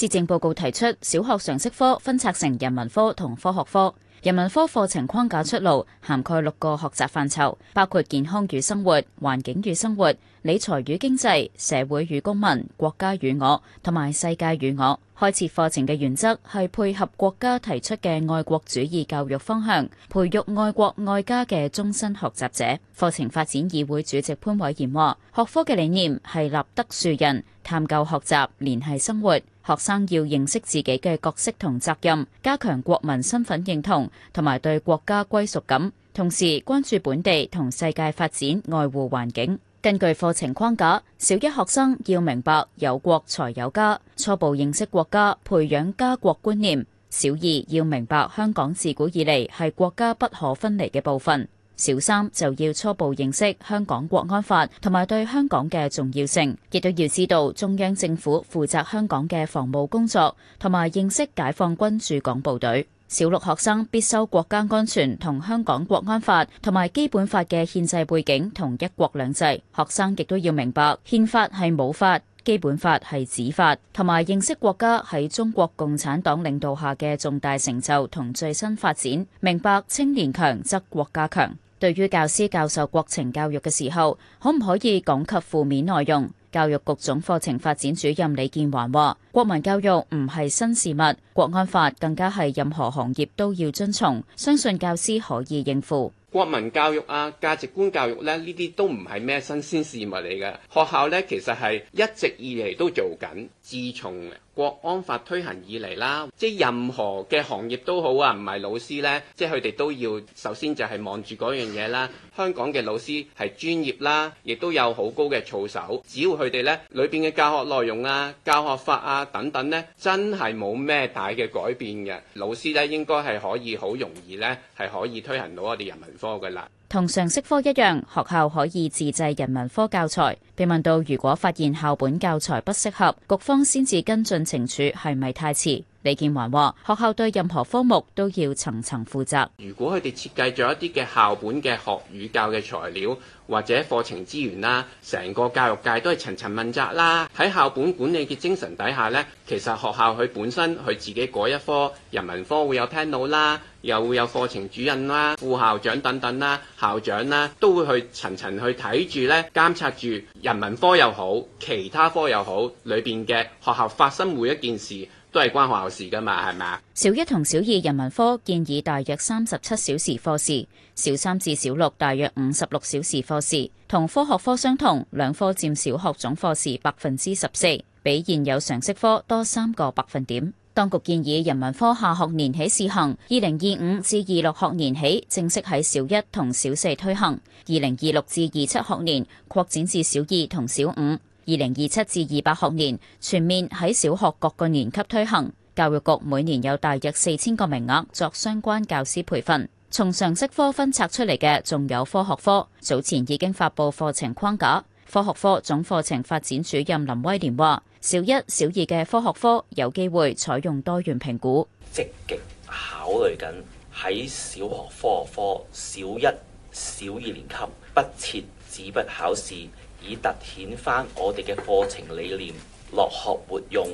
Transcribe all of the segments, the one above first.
施政報告提出，小學常識科分拆成人文科同科學科。人文科課程框架出爐，涵蓋六個學習範疇，包括健康與生活、環境與生活。理財與經濟、社會與公民、國家與我同埋世界與我，開設課程嘅原則係配合國家提出嘅愛國主義教育方向，培育愛國愛家嘅終身學習者。課程發展議會主席潘偉賢話，學科嘅理念係立德樹人，探究學習，聯繫生活。學生要認識自己嘅角色同責任，加強國民身份認同同埋對國家歸屬感，同時關注本地同世界發展，愛護環境。根據課程框架，小一學生要明白有國才有家，初步認識國家，培養家國觀念；小二要明白香港自古以來係國家不可分離嘅部分；小三就要初步認識香港國安法同埋對香港嘅重要性，亦都要知道中央政府負責香港嘅防務工作，同埋認識解放軍駐港部隊。小六學生必修國家安全同香港國安法同埋基本法嘅憲制背景，同一國兩制，學生亦都要明白憲法係母法，基本法係子法，同埋認識國家喺中國共產黨領導下嘅重大成就同最新發展。明白青年強則國家強。對於教師教授國情教育嘅時候，可唔可以講及負面內容？教育局總課程發展主任李健華話，國民教育唔係新事物，國安法更加係任何行業都要遵從，相信教師可以應付。國民教育啊，價值觀教育咧，呢啲都唔係咩新鮮事物嚟嘅。學校咧，其實係一直以嚟都做緊自從國安法推行以來啦，即係任何嘅行業都好啊，唔係老師咧，即係佢哋都要首先就係望住嗰樣嘢啦。香港嘅老師係專業啦，亦都有好高嘅操守。只要佢哋咧裏邊嘅教學內容啊、教學法啊等等咧，真係冇咩大嘅改變嘅，老師咧應該係可以好容易咧係可以推行到我哋人文科嘅啦。同常識科一樣，學校可以自製人文科教材。被問到如果發現校本教材不適合，局方先至跟進懲處，係咪太遲？李健華話：學校對任何科目都要層層負責。如果佢哋設計咗一啲嘅校本嘅學語教嘅材料，或者課程資源啦，成個教育界都係層層問責啦。喺校本管理嘅精神底下呢，其實學校佢本身佢自己嗰一科人文科會有聽到啦，又會有課程主任啦、副校長等等啦、校長啦，都會去層層去睇住呢，監察住人文科又好，其他科又好，裏邊嘅學校發生每一件事。都係關學校事噶嘛，係咪？小一同小二人文科建議大約三十七小時課時，小三至小六大約五十六小時課時，同科學科相同，兩科占小學總課時百分之十四，比現有常識科多三個百分點。當局建議人文科下學年起試行，二零二五至二六學年起正式喺小一同小四推行，二零二六至二七學年擴展至小二同小五。二零二七至二八學年全面喺小學各個年級推行。教育局，每年有大約四千個名額作相關教師培訓。從常識科分拆出嚟嘅，仲有科學科。早前已經發布課程框架。科學科總課程發展主任林威廉話，小一、小二嘅科學科有機會採用多元評估，積極考慮緊喺小學科學科小一、小二年級不設紙筆考試。以突顯翻我哋嘅課程理念，落學活用，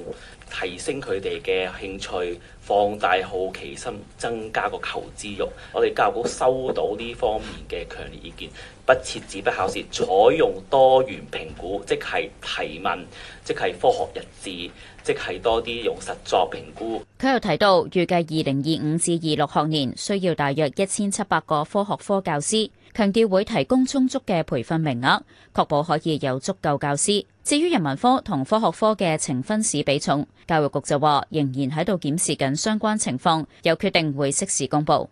提升佢哋嘅興趣，放大好奇心，增加個求知慾。我哋教育局收到呢方面嘅強烈意見，不設紙筆考試，採用多元評估，即係提問，即係科學日誌，即係多啲用實作評估。佢又提到，預計二零二五至二六學年需要大約一千七百個科學科教師。強調會提供充足嘅培訓名額，確保可以有足夠教師。至於人文科同科學科嘅呈分試比重，教育局就話仍然喺度檢視緊相關情況，有決定會適時公佈。